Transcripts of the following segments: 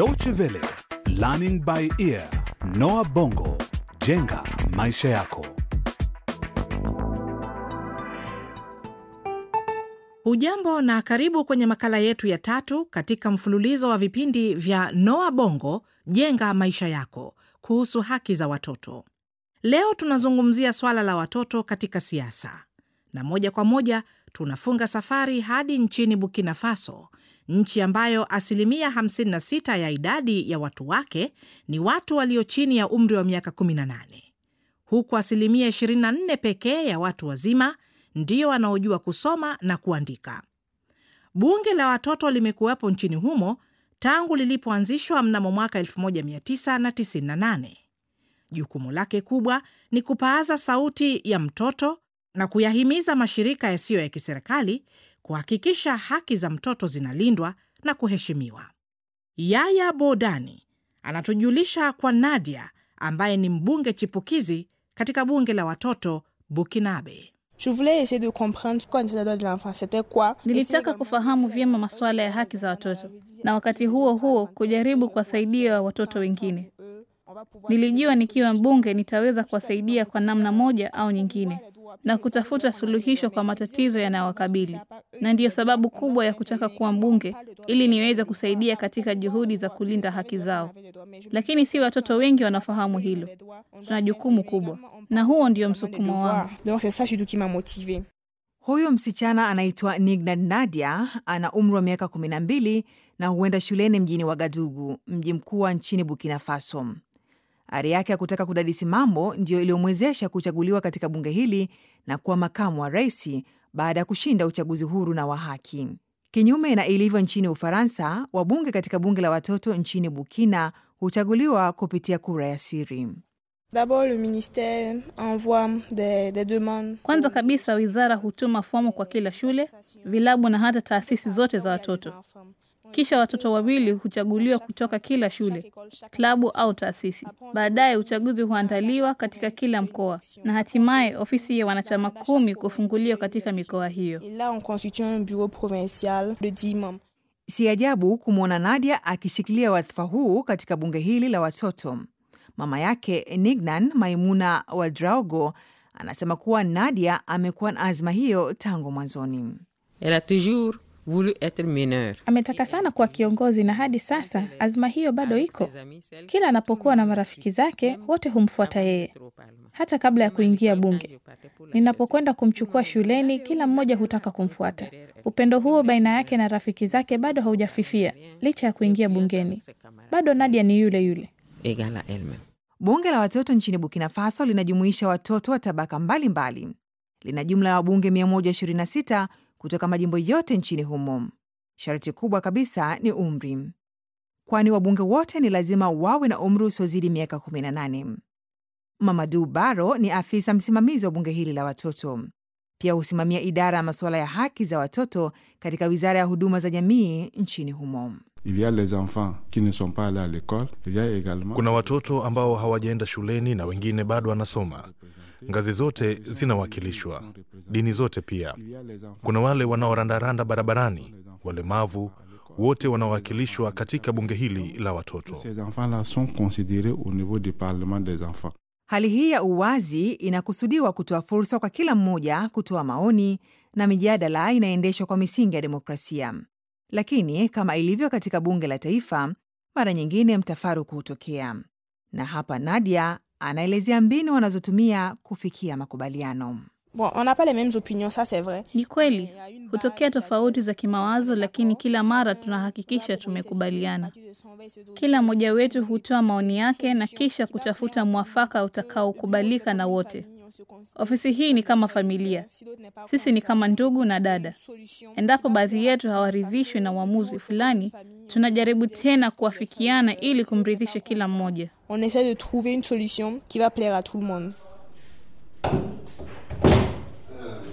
Deutsche Welle, Learning by Ear, Noah Bongo, Jenga Maisha Yako. Ujambo na karibu kwenye makala yetu ya tatu katika mfululizo wa vipindi vya Noah Bongo, Jenga Maisha Yako kuhusu haki za watoto. Leo tunazungumzia swala la watoto katika siasa. Na moja kwa moja tunafunga safari hadi nchini Burkina Faso nchi ambayo asilimia 56 ya idadi ya watu wake ni watu walio chini ya umri wa miaka 18, huku asilimia 24 pekee ya watu wazima ndiyo wanaojua kusoma na kuandika. Bunge la watoto limekuwepo nchini humo tangu lilipoanzishwa mnamo mwaka 1998. Jukumu lake kubwa ni kupaaza sauti ya mtoto na kuyahimiza mashirika yasiyo ya kiserikali kuhakikisha haki za mtoto zinalindwa na kuheshimiwa. Yaya Bodani anatujulisha kwa Nadia ambaye ni mbunge chipukizi katika bunge la watoto Bukinabe. Nilitaka kufahamu vyema masuala ya haki za watoto na wakati huo huo kujaribu kuwasaidia watoto wengine. Nilijua nikiwa mbunge nitaweza kuwasaidia kwa namna moja au nyingine na kutafuta suluhisho kwa matatizo yanayowakabili, na ndiyo sababu kubwa ya kutaka kuwa mbunge, ili niweze kusaidia katika juhudi za kulinda haki zao. Lakini si watoto wengi wanafahamu hilo. Tuna jukumu kubwa, na huo ndio msukumo wangu. Huyu msichana anaitwa Nigna Nadia, ana umri wa miaka kumi na mbili na huenda shuleni mjini Wagadugu, mji mkuu wa nchini Burkina Faso. Ari yake ya kutaka kudadisi mambo ndiyo iliyomwezesha kuchaguliwa katika bunge hili na kuwa makamu wa rais baada ya kushinda uchaguzi huru na wa haki. Kinyume na ilivyo nchini Ufaransa, wabunge katika bunge la watoto nchini Burkina huchaguliwa kupitia kura ya siri. Kwanza kabisa, wizara hutuma fomu kwa kila shule, vilabu na hata taasisi zote za watoto. Kisha watoto wawili huchaguliwa kutoka kila shule, klabu au taasisi. Baadaye uchaguzi huandaliwa katika kila mkoa na hatimaye ofisi ya wanachama kumi kufunguliwa katika mikoa hiyo. Si ajabu kumwona Nadia akishikilia wadhifa huu katika bunge hili la watoto. Mama yake Nignan Maimuna Wadraogo anasema kuwa Nadia amekuwa na azma hiyo tangu mwanzoni. Ametaka sana kuwa kiongozi na hadi sasa azma hiyo bado iko. Kila anapokuwa na marafiki zake wote humfuata yeye, hata kabla ya kuingia bunge. Ninapokwenda kumchukua shuleni, kila mmoja hutaka kumfuata. Upendo huo baina yake na rafiki zake bado haujafifia licha ya kuingia bungeni. Bado Nadia ni yule yule. Bunge la watoto nchini Burkina Faso linajumuisha watoto wa tabaka mbalimbali mbali. Lina jumla ya wabunge 126 kutoka majimbo yote nchini humo. Sharti kubwa kabisa ni umri, kwani wabunge wote ni lazima wawe na umri usiozidi miaka 18. Mamadu Baro ni afisa msimamizi wa bunge hili la watoto. Pia husimamia idara ya masuala ya haki za watoto katika wizara ya huduma za jamii nchini humo. Kuna watoto ambao hawajaenda shuleni na wengine bado wanasoma. Ngazi zote zinawakilishwa, dini zote pia. Kuna wale wanaorandaranda barabarani, walemavu, wote wanawakilishwa katika bunge hili la watoto. Hali hii ya uwazi inakusudiwa kutoa fursa kwa kila mmoja kutoa maoni na mijadala inaendeshwa kwa misingi ya demokrasia. Lakini kama ilivyo katika bunge la taifa, mara nyingine mtafaruku hutokea. Na hapa Nadia anaelezea mbinu wanazotumia kufikia makubaliano. Bon, Ni kweli hutokea tofauti za kimawazo, lakini kila mara tunahakikisha tumekubaliana. Kila mmoja wetu hutoa maoni yake na kisha kutafuta mwafaka utakaokubalika na wote. Ofisi hii ni kama familia, sisi ni kama ndugu na dada. Endapo baadhi yetu hawaridhishwi na uamuzi fulani, tunajaribu tena kuafikiana ili kumridhisha kila mmoja. On essaie de trouver une solution qui va plaire a tout le monde.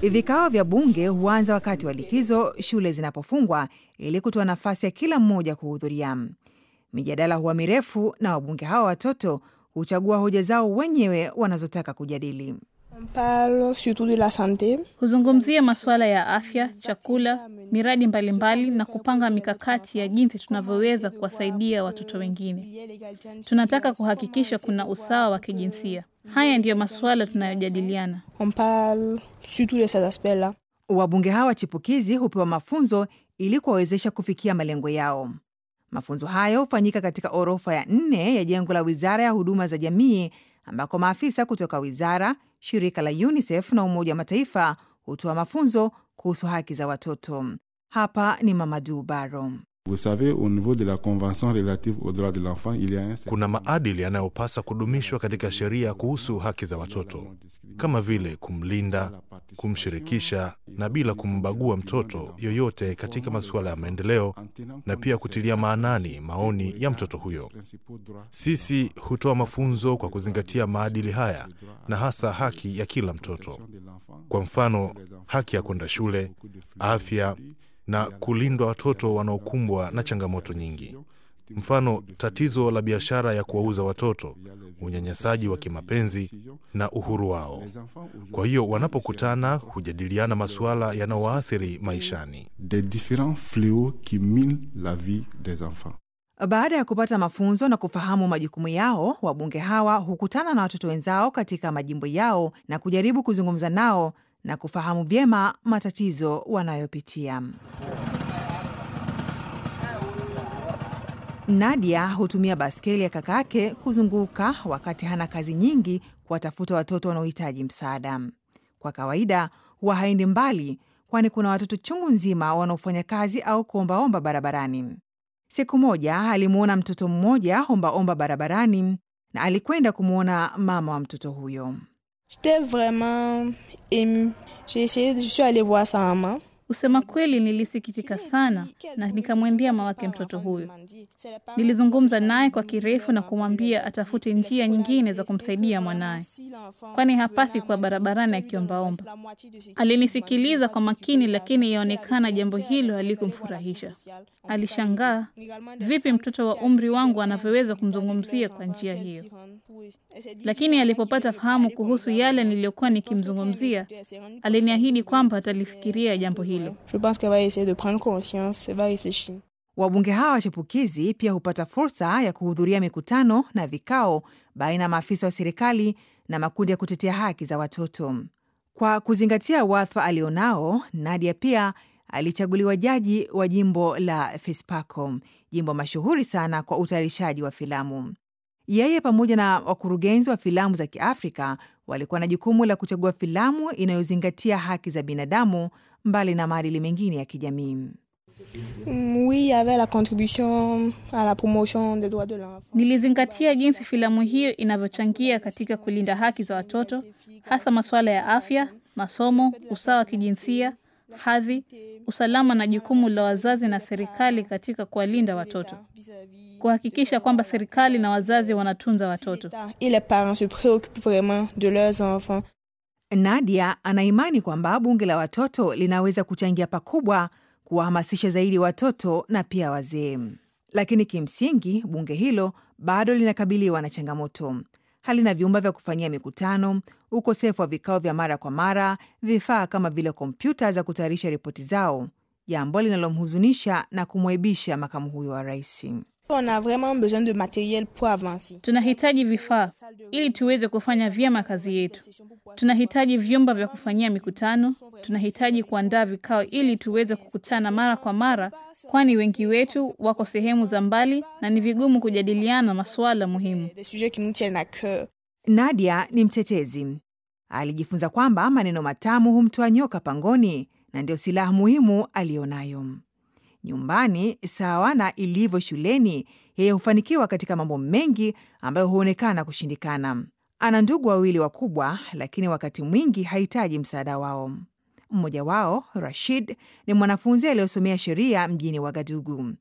Vikao vya bunge huanza wakati wa likizo shule zinapofungwa ili kutoa nafasi ya kila mmoja kuhudhuria. Mijadala huwa mirefu na wabunge hawa watoto huchagua hoja zao wenyewe wanazotaka kujadili. Huzungumzia masuala ya afya, chakula, miradi mbalimbali mbali, na kupanga mikakati ya jinsi tunavyoweza kuwasaidia watoto wengine. Tunataka kuhakikisha kuna usawa wa kijinsia. Haya ndiyo masuala tunayojadiliana. Wabunge hawa chipukizi hupewa mafunzo ili kuwawezesha kufikia malengo yao. Mafunzo hayo hufanyika katika orofa ya nne ya jengo la Wizara ya Huduma za Jamii ambako maafisa kutoka wizara shirika la UNICEF na Umoja wa Mataifa hutoa mafunzo kuhusu haki za watoto. Hapa ni Mamadu Baro. Vous savez, au niveau de la convention relative aux droits de l'enfant, il y a un... Kuna maadili yanayopasa kudumishwa katika sheria kuhusu haki za watoto kama vile kumlinda, kumshirikisha na bila kumbagua mtoto yoyote katika masuala ya maendeleo na pia kutilia maanani maoni ya mtoto huyo. Sisi hutoa mafunzo kwa kuzingatia maadili haya na hasa haki ya kila mtoto. Kwa mfano, haki ya kwenda shule, afya na kulindwa watoto wanaokumbwa na changamoto nyingi, mfano tatizo la biashara ya kuwauza watoto, unyanyasaji wa kimapenzi na uhuru wao. Kwa hiyo wanapokutana hujadiliana masuala yanayoathiri maishani. Baada ya kupata mafunzo na kufahamu majukumu yao, wabunge hawa hukutana na watoto wenzao katika majimbo yao na kujaribu kuzungumza nao na kufahamu vyema matatizo wanayopitia. Nadia hutumia baskeli ya kakake kuzunguka wakati hana kazi nyingi, kuwatafuta watoto wanaohitaji msaada. Kwa kawaida huwa haendi mbali, kwani kuna watoto chungu nzima wanaofanya kazi au kuombaomba barabarani. Siku moja alimwona mtoto mmoja ombaomba barabarani na alikwenda kumwona mama wa mtoto huyo. J'étais vraiment émue. J'ai essayé, je suis allée voir sa maman. Kusema kweli, nilisikitika sana na nikamwendea mamake mtoto huyo. Nilizungumza naye kwa kirefu na kumwambia atafute njia nyingine za kumsaidia mwanaye, kwani hapasi kuwa barabarani akiombaomba. Alinisikiliza kwa makini, lakini yaonekana jambo hilo halikumfurahisha. Alishangaa vipi mtoto wa umri wangu anavyoweza kumzungumzia kwa njia hiyo, lakini alipopata fahamu kuhusu yale niliyokuwa nikimzungumzia, aliniahidi kwamba atalifikiria jambo hilo hilo. Je pense qu'elle va essayer de prendre conscience, va réfléchir. Wabunge hawa chipukizi pia hupata fursa ya kuhudhuria mikutano na vikao baina ya maafisa wa serikali na makundi ya kutetea haki za watoto. Kwa kuzingatia wadhifa alionao, Nadia pia alichaguliwa jaji wa jimbo la Fespaco, jimbo mashuhuri sana kwa utayarishaji wa filamu. Yeye pamoja na wakurugenzi wa filamu za Kiafrika walikuwa na jukumu la kuchagua filamu inayozingatia haki za binadamu mbali na maadili mengine ya kijamii. Oui, avec la contribution à la promotion des droits de l'enfant. Nilizingatia jinsi filamu hiyo inavyochangia katika kulinda haki za watoto, hasa masuala ya afya, masomo, usawa wa kijinsia hadhi, usalama na jukumu la wazazi na serikali katika kuwalinda watoto, kuhakikisha kwamba serikali na wazazi wanatunza watoto. Nadia anaimani kwamba bunge la watoto linaweza kuchangia pakubwa kuwahamasisha zaidi watoto na pia wazee, lakini kimsingi bunge hilo bado linakabiliwa na changamoto halina vyumba vya kufanyia mikutano, ukosefu wa vikao vya mara kwa mara, vifaa kama vile kompyuta za kutayarisha ripoti zao, jambo linalomhuzunisha na kumwaibisha makamu huyo wa rais. Tunahitaji vifaa ili tuweze kufanya vyema kazi yetu. Tunahitaji vyumba vya kufanyia mikutano. Tunahitaji kuandaa vikao ili tuweze kukutana mara kwa mara, kwani wengi wetu wako sehemu za mbali na ni vigumu kujadiliana masuala muhimu. Nadia ni mtetezi, alijifunza kwamba maneno matamu humtoa nyoka pangoni na ndio silaha muhimu aliyonayo nyumbani sawa na ilivyo shuleni, yeye hufanikiwa katika mambo mengi ambayo huonekana kushindikana. Ana ndugu wawili wakubwa, lakini wakati mwingi hahitaji msaada wao. Mmoja wao Rashid ni mwanafunzi aliyosomea sheria mjini Wagadugu.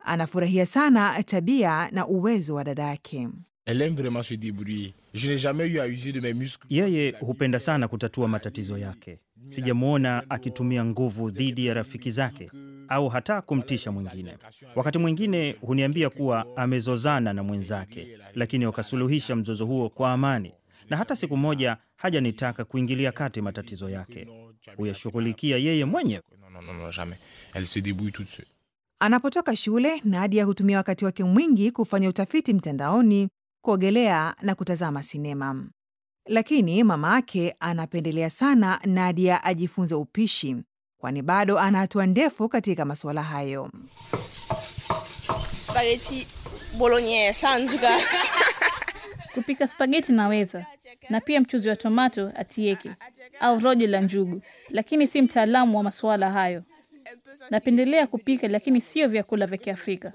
Anafurahia sana tabia na uwezo wa dada yake. Elle aime vraiment se débrouiller. Je n'ai jamais eu à user de mes muscles. Yeye hupenda sana kutatua matatizo yake. Sijamwona akitumia nguvu dhidi ya rafiki zake au hata kumtisha mwingine. Wakati mwingine huniambia kuwa amezozana na mwenzake, lakini wakasuluhisha mzozo huo kwa amani, na hata siku moja hajanitaka kuingilia kati matatizo yake, huyashughulikia yeye mwenyewe. Anapotoka shule, Nadia hutumia wakati wake mwingi kufanya utafiti mtandaoni kuogelea na kutazama sinema. Lakini yake anapendelea sana Nadia ajifunze upishi, kwani bado ana hatua ndefu katika masuala hayo. bolognese kupika spageti naweza, na pia mchuzi wa tomato atieke au rojo la njugu, lakini si mtaalamu wa masuala hayo. Napendelea kupika, lakini sio vyakula vya Kiafrika.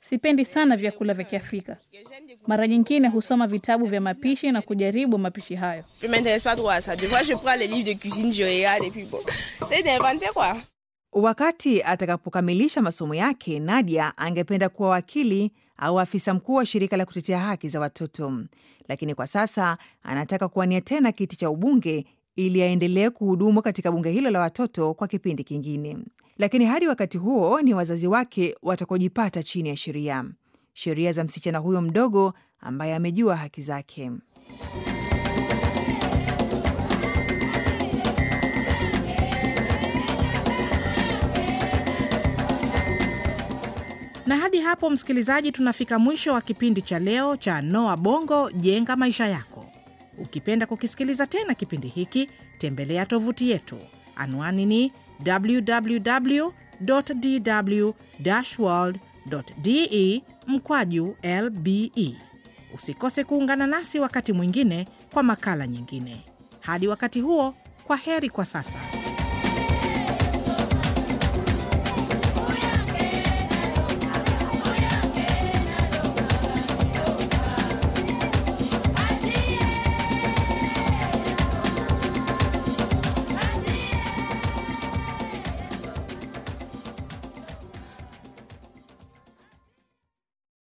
Sipendi sana vyakula vya Kiafrika. Mara nyingine husoma vitabu vya mapishi na kujaribu mapishi hayo. Wakati atakapokamilisha masomo yake, Nadia angependa kuwa wakili au afisa mkuu wa shirika la kutetea haki za watoto, lakini kwa sasa anataka kuwania tena kiti cha ubunge ili aendelee kuhudumu katika bunge hilo la watoto kwa kipindi kingine lakini hadi wakati huo ni wazazi wake watakojipata chini ya sheria, sheria za msichana huyo mdogo ambaye amejua haki zake. Na hadi hapo, msikilizaji, tunafika mwisho wa kipindi cha leo cha Noa Bongo, jenga maisha yako. Ukipenda kukisikiliza tena kipindi hiki, tembelea tovuti yetu, anwani ni www.dw-world.de mkwaju lbe. Usikose kuungana nasi wakati mwingine kwa makala nyingine. Hadi wakati huo, kwa heri kwa sasa.